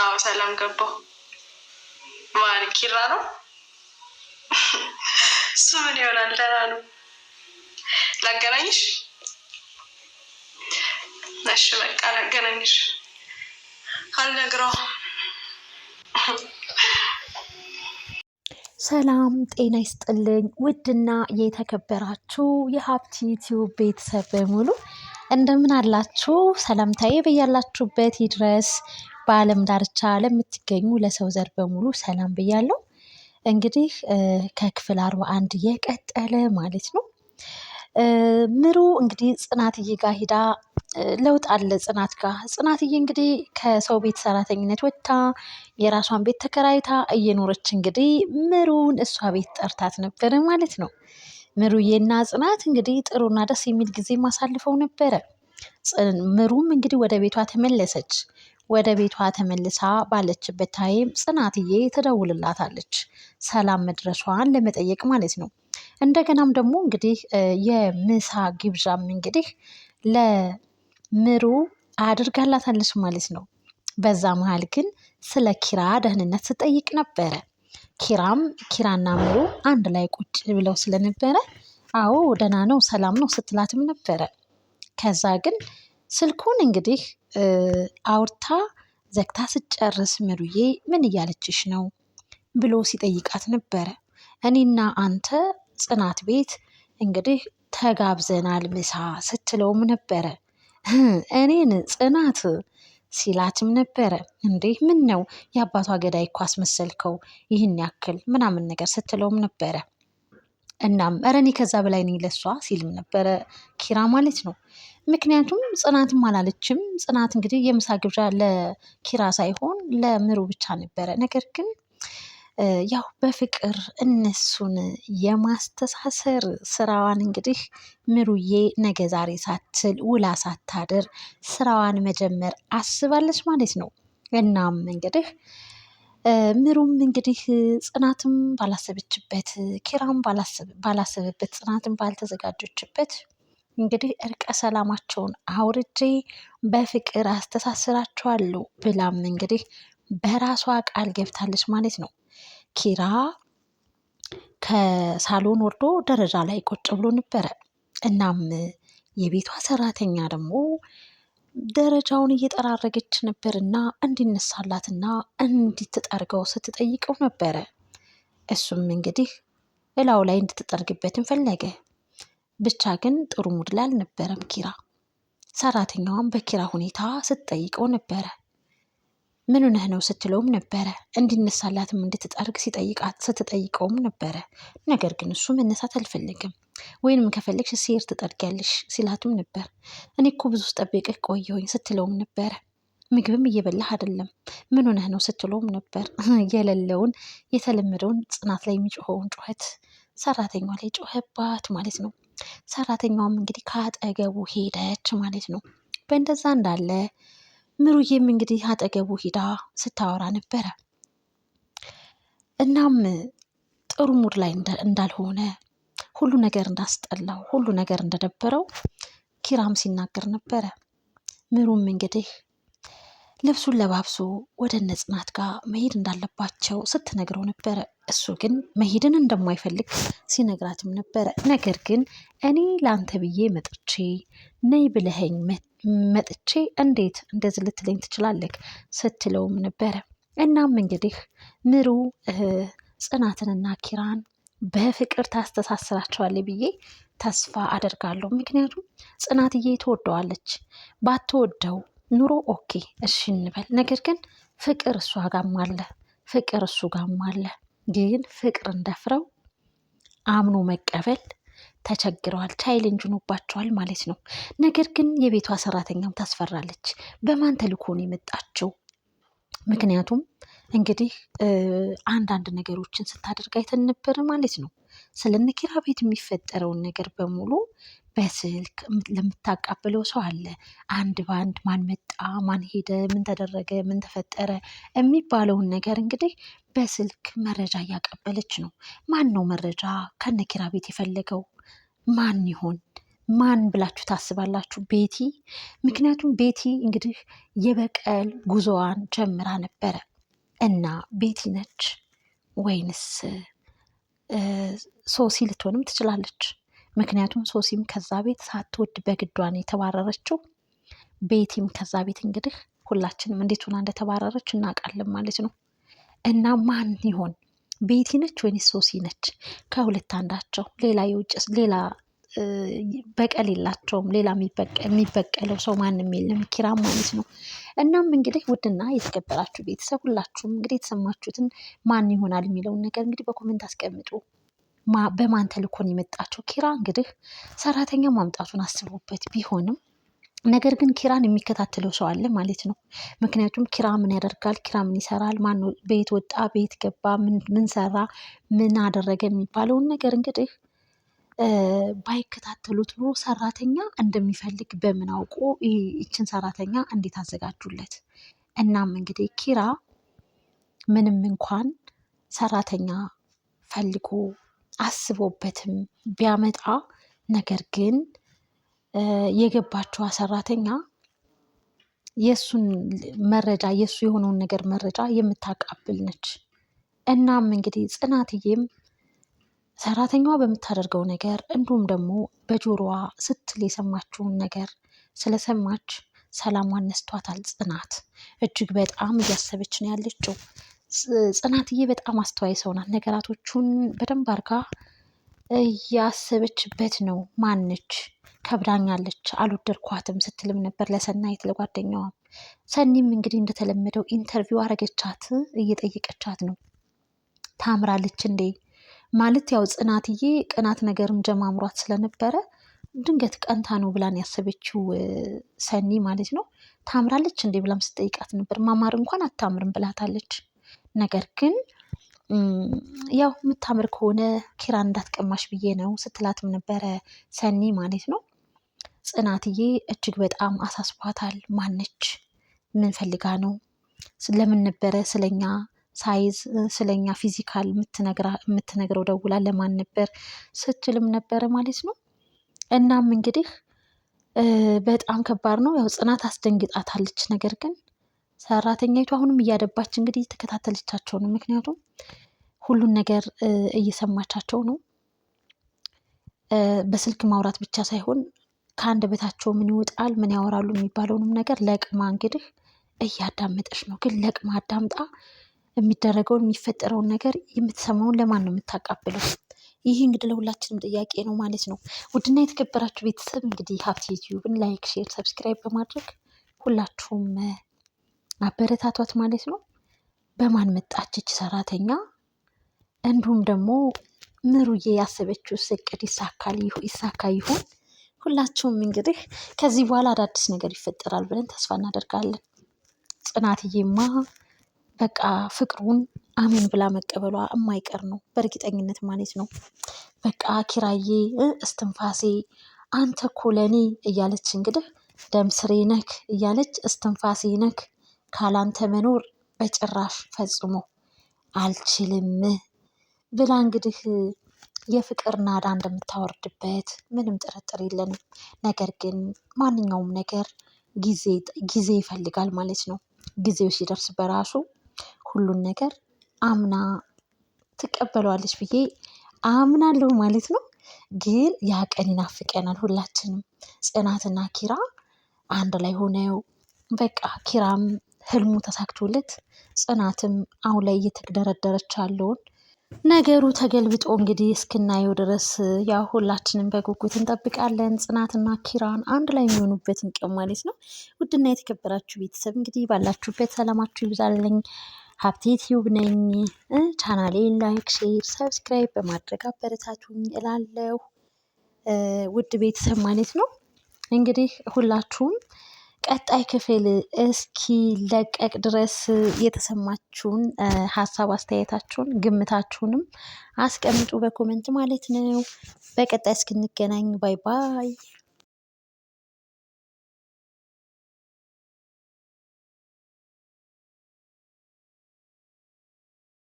አዎ ሰላም ገባሁ። ማን ኪራ ነው? እሱ ምን ይሆናል? ደህና ነው። ላገናኝሽ? እሺ በቃ ላገናኝሽ። አልነግረውም። ሰላም ጤና ይስጥልኝ። ውድና የተከበራችሁ የሀብቲ ዩቲዩብ ቤተሰብ በሙሉ እንደምን አላችሁ? ሰላምታዬ በያላችሁበት ይድረስ። በአለም ዳርቻ ለምትገኙ ለሰው ዘር በሙሉ ሰላም ብያለሁ። እንግዲህ ከክፍል አርባ አንድ የቀጠለ ማለት ነው። ምሩ እንግዲህ ጽናትዬ ጋር ሂዳ ለውጥ አለ ጽናት ጋር ጽናትዬ እንግዲህ ከሰው ቤት ሰራተኝነት ወጥታ የራሷን ቤት ተከራይታ እየኖረች እንግዲህ ምሩን እሷ ቤት ጠርታት ነበረ ማለት ነው። ምሩዬና ጽናት እንግዲህ ጥሩና ደስ የሚል ጊዜ ማሳልፈው ነበረ። ምሩም እንግዲህ ወደ ቤቷ ተመለሰች ወደ ቤቷ ተመልሳ ባለችበት ታይም ጽናትዬ ትደውልላታለች። ሰላም መድረሷን ለመጠየቅ ማለት ነው። እንደገናም ደግሞ እንግዲህ የምሳ ግብዣም እንግዲህ ለምሩ አድርጋላታለች ማለት ነው። በዛ መሀል ግን ስለ ኪራ ደህንነት ስጠይቅ ነበረ። ኪራም ኪራና ምሩ አንድ ላይ ቁጭ ብለው ስለነበረ አዎ ደህና ነው፣ ሰላም ነው ስትላትም ነበረ። ከዛ ግን ስልኩን እንግዲህ አውርታ ዘግታ ስጨርስ ምሩዬ ምን እያለችሽ ነው ብሎ ሲጠይቃት ነበረ። እኔና አንተ ጽናት ቤት እንግዲህ ተጋብዘናል ምሳ ስትለውም ነበረ። እኔን ጽናት ሲላትም ነበረ። እንዴ ምን ነው የአባቷ ገዳይ እኮ አስመሰልከው ይህን ያክል ምናምን ነገር ስትለውም ነበረ። እናም ኧረ እኔ ከዛ በላይ ነኝ ለሷ ሲልም ነበረ ኪራ ማለት ነው። ምክንያቱም ጽናትም አላለችም። ጽናት እንግዲህ የምሳ ግብዣ ለኪራ ሳይሆን ለምሩ ብቻ ነበረ። ነገር ግን ያው በፍቅር እነሱን የማስተሳሰር ስራዋን እንግዲህ ምሩዬ ነገ ዛሬ ሳትል ውላ ሳታድር ስራዋን መጀመር አስባለች ማለት ነው። እናም እንግዲህ ምሩም እንግዲህ ጽናትም ባላሰበችበት ኪራም ባላሰበበት ጽናትም ባልተዘጋጀችበት እንግዲህ እርቀ ሰላማቸውን አውርጄ በፍቅር አስተሳስራቸዋለሁ ብላም እንግዲህ በራሷ ቃል ገብታለች ማለት ነው። ኪራ ከሳሎን ወርዶ ደረጃ ላይ ቁጭ ብሎ ነበረ። እናም የቤቷ ሰራተኛ ደግሞ ደረጃውን እየጠራረገች ነበርና እንዲነሳላትና እንድትጠርገው ስትጠይቀው ነበረ። እሱም እንግዲህ እላው ላይ እንድትጠርግበትን ፈለገ። ብቻ ግን ጥሩ ሙድ ላይ አልነበረም ኪራ። ሰራተኛዋን በኪራ ሁኔታ ስትጠይቀው ነበረ። ምን ሆነህ ነው ስትለውም ነበረ። እንዲነሳላትም እንድትጠርግ ሲጠይቃት ስትጠይቀውም ነበረ። ነገር ግን እሱ መነሳት አልፈለግም። ወይንም ከፈለግሽ ሴር ትጠርጊያለሽ ሲላትም ነበር። እኔ እኮ ብዙ ስጠብቅህ ቆየሁኝ ስትለውም ነበረ። ምግብም እየበላህ አይደለም ምን ሆነህ ነው ስትለውም ነበር። የሌለውን የተለመደውን ጽናት ላይ የሚጮኸውን ጩኸት ሰራተኛዋ ላይ ጮኸባት ማለት ነው። ሰራተኛዋም እንግዲህ ከአጠገቡ ሄደች ማለት ነው። በእንደዛ እንዳለ ምሩዬም እንግዲህ አጠገቡ ሂዳ ስታወራ ነበረ። እናም ጥሩ ሙድ ላይ እንዳልሆነ ሁሉ ነገር እንዳስጠላው ሁሉ ነገር እንደደበረው ኪራም ሲናገር ነበረ። ምሩም እንግዲህ ልብሱን ለባብሶ ወደ እነ ጽናት ጋር መሄድ እንዳለባቸው ስትነግረው ነበረ። እሱ ግን መሄድን እንደማይፈልግ ሲነግራትም ነበረ። ነገር ግን እኔ ለአንተ ብዬ መጥቼ ነይ ብለኸኝ መጥቼ እንዴት እንደዚህ ልትለኝ ትችላለህ? ስትለውም ነበረ። እናም እንግዲህ ምሩ ጽናትንና ኪራን በፍቅር ታስተሳስራቸዋለች ብዬ ተስፋ አደርጋለሁ። ምክንያቱም ጽናትዬ ትወደዋለች ባትወደው ኑሮ ኦኬ እሺ እንበል። ነገር ግን ፍቅር እሷ ጋም አለ፣ ፍቅር እሱ ጋም አለ። ግን ፍቅር እንደፍረው አምኖ መቀበል ተቸግረዋል። ቻይሌንጅ ሆኖባቸዋል ማለት ነው። ነገር ግን የቤቷ ሰራተኛም ታስፈራለች። በማን ተልኮን ነው የመጣችው? ምክንያቱም እንግዲህ አንዳንድ ነገሮችን ስታደርግ አይተን ነበር ማለት ነው። ስለ ኪራ ቤት የሚፈጠረውን ነገር በሙሉ በስልክ ለምታቃብለው ሰው አለ አንድ ባንድ ማን መጣ ማን ሄደ ምን ተደረገ ምን ተፈጠረ የሚባለውን ነገር እንግዲህ በስልክ መረጃ እያቀበለች ነው። ማን ነው መረጃ ከነኪራ ቤት የፈለገው ማን ይሆን? ማን ብላችሁ ታስባላችሁ? ቤቲ። ምክንያቱም ቤቲ እንግዲህ የበቀል ጉዞዋን ጀምራ ነበረ እና ቤቲ ነች ወይንስ ሶሲ ልትሆንም ትችላለች። ምክንያቱም ሶሲም ከዛ ቤት ሳትወድ በግዷን የተባረረችው ቤቲም ከዛ ቤት እንግዲህ ሁላችንም እንዴት ሆና እንደተባረረች እናውቃለን ማለት ነው። እና ማን ይሆን ቤቲ ነች ወይንስ ሶሲ ነች? ከሁለት አንዳቸው። ሌላ የውጭ ሌላ በቀል የላቸውም። ሌላ የሚበቀለው ሰው ማንም የለም፣ ኪራም ማለት ነው። እናም እንግዲህ ውድና የተከበራችሁ ቤተሰብ ሁላችሁም እንግዲህ የተሰማችሁትን ማን ይሆናል የሚለውን ነገር እንግዲህ በኮሜንት አስቀምጡ። በማን ተልእኮ ነው የመጣችው? ኪራ እንግዲህ ሰራተኛ ማምጣቱን አስቦበት ቢሆንም ነገር ግን ኪራን የሚከታተለው ሰው አለ ማለት ነው። ምክንያቱም ኪራ ምን ያደርጋል፣ ኪራ ምን ይሰራል፣ ማን ቤት ወጣ፣ ቤት ገባ፣ ምን ሰራ፣ ምን አደረገ የሚባለውን ነገር እንግዲህ ባይከታተሉት ኑሮ ሰራተኛ እንደሚፈልግ በምን አውቆ ይችን ሰራተኛ እንዴት አዘጋጁለት? እናም እንግዲህ ኪራ ምንም እንኳን ሰራተኛ ፈልጎ አስቦበትም ቢያመጣ ነገር ግን የገባችዋ ሰራተኛ የእሱን መረጃ የእሱ የሆነውን ነገር መረጃ የምታቃብል ነች። እናም እንግዲህ ጽናትዬም ሰራተኛዋ በምታደርገው ነገር እንዲሁም ደግሞ በጆሮዋ ስትል የሰማችውን ነገር ስለሰማች ሰላሟን ነስቷታል። ጽናት እጅግ በጣም እያሰበች ነው ያለችው። ጽናትዬ በጣም አስተዋይ ሰው ናት። ነገራቶቹን በደንብ አርጋ እያሰበችበት ነው። ማነች ከብዳኛለች፣ አልወደድኳትም ስትልም ነበር ለሰናይት ለጓደኛዋ። ሰኒም እንግዲህ እንደተለመደው ኢንተርቪው አረገቻት፣ እየጠየቀቻት ነው። ታምራለች እንዴ ማለት ያው ጽናትዬ ቅናት ነገርም ጀማምሯት ስለነበረ ድንገት ቀንታ ነው ብላን ያሰበችው ሰኒ ማለት ነው። ታምራለች እንዴ ብላም ስትጠይቃት ነበር። ማማር እንኳን አታምርም ብላታለች። ነገር ግን ያው የምታምር ከሆነ ኪራ እንዳትቀማሽ ብዬ ነው ስትላትም ነበረ ሰኒ ማለት ነው። ጽናትዬ እጅግ በጣም አሳስቧታል። ማነች? ምን ፈልጋ ነው? ለምን ነበረ ስለኛ ሳይዝ ስለኛ ፊዚካል የምትነግረው ደውላ ለማን ነበር ስትልም ነበረ ማለት ነው። እናም እንግዲህ በጣም ከባድ ነው። ያው ጽናት አስደንግጣታለች። ነገር ግን ሰራተኛይቱ አሁንም እያደባች እንግዲህ ተከታተለቻቸው ነው። ምክንያቱም ሁሉን ነገር እየሰማቻቸው ነው። በስልክ ማውራት ብቻ ሳይሆን ከአንድ በታቸው ምን ይወጣል፣ ምን ያወራሉ የሚባለውንም ነገር ለቅማ እንግዲህ እያዳመጠች ነው። ግን ለቅማ አዳምጣ የሚደረገውን የሚፈጠረውን ነገር የምትሰማውን ለማን ነው የምታቃብለው? ይህ እንግዲህ ለሁላችንም ጥያቄ ነው ማለት ነው። ውድና የተከበራችሁ ቤተሰብ እንግዲህ ሀብት ዩቲዩብን ላይክ፣ ሼር፣ ሰብስክራይብ በማድረግ ሁላችሁም አበረታቷት ማለት ነው። በማን መጣችች ሰራተኛ እንዲሁም ደግሞ ምሩዬ ያሰበችው እቅድ ይሳካ ይሆን? ሁላችሁም እንግዲህ ከዚህ በኋላ አዳዲስ ነገር ይፈጠራል ብለን ተስፋ እናደርጋለን። ጽናትዬማ በቃ ፍቅሩን አሜን ብላ መቀበሏ የማይቀር ነው በእርግጠኝነት ማለት ነው። በቃ ኪራዬ እስትንፋሴ አንተ እኮ እያለች እንግዲህ ደምስሬ ነክ እያለች እስትንፋሴ ነክ ካላንተ መኖር በጭራሽ ፈጽሞ አልችልም ብላ እንግዲህ የፍቅር ናዳ እንደምታወርድበት ምንም ጥርጥር የለንም። ነገር ግን ማንኛውም ነገር ጊዜ ይፈልጋል ማለት ነው። ጊዜው ሲደርስ በራሱ ሁሉን ነገር አምና ትቀበለዋለች ብዬ አምናለሁ ማለት ነው። ግን ያ ቀን ይናፍቀናል ሁላችንም ጽናትና ኪራ አንድ ላይ ሆነው በቃ ኪራም ህልሙ ተሳክቶለት ጽናትም አሁን ላይ እየተደረደረች ያለውን ነገሩ ተገልብጦ እንግዲህ እስክናየው ድረስ ያው ሁላችንም በጉጉት እንጠብቃለን። ጽናትና ኪራን አንድ ላይ የሚሆኑበትን ቀን ማለት ነው። ውድና የተከበራችሁ ቤተሰብ እንግዲህ ባላችሁበት ሰላማችሁ ይብዛለኝ። ሀብቴ ቲዩብ ነኝ። ቻናሌ ላይክ፣ ሼር፣ ሰብስክራይብ በማድረግ አበረታቱኝ እላለሁ። ውድ ቤተሰብ ማለት ነው እንግዲህ ሁላችሁም ቀጣይ ክፍል እስኪለቀቅ ድረስ የተሰማችሁን ሀሳብ አስተያየታችሁን ግምታችሁንም አስቀምጡ በኮመንት ማለት ነው። በቀጣይ እስክንገናኝ ባይ ባይ።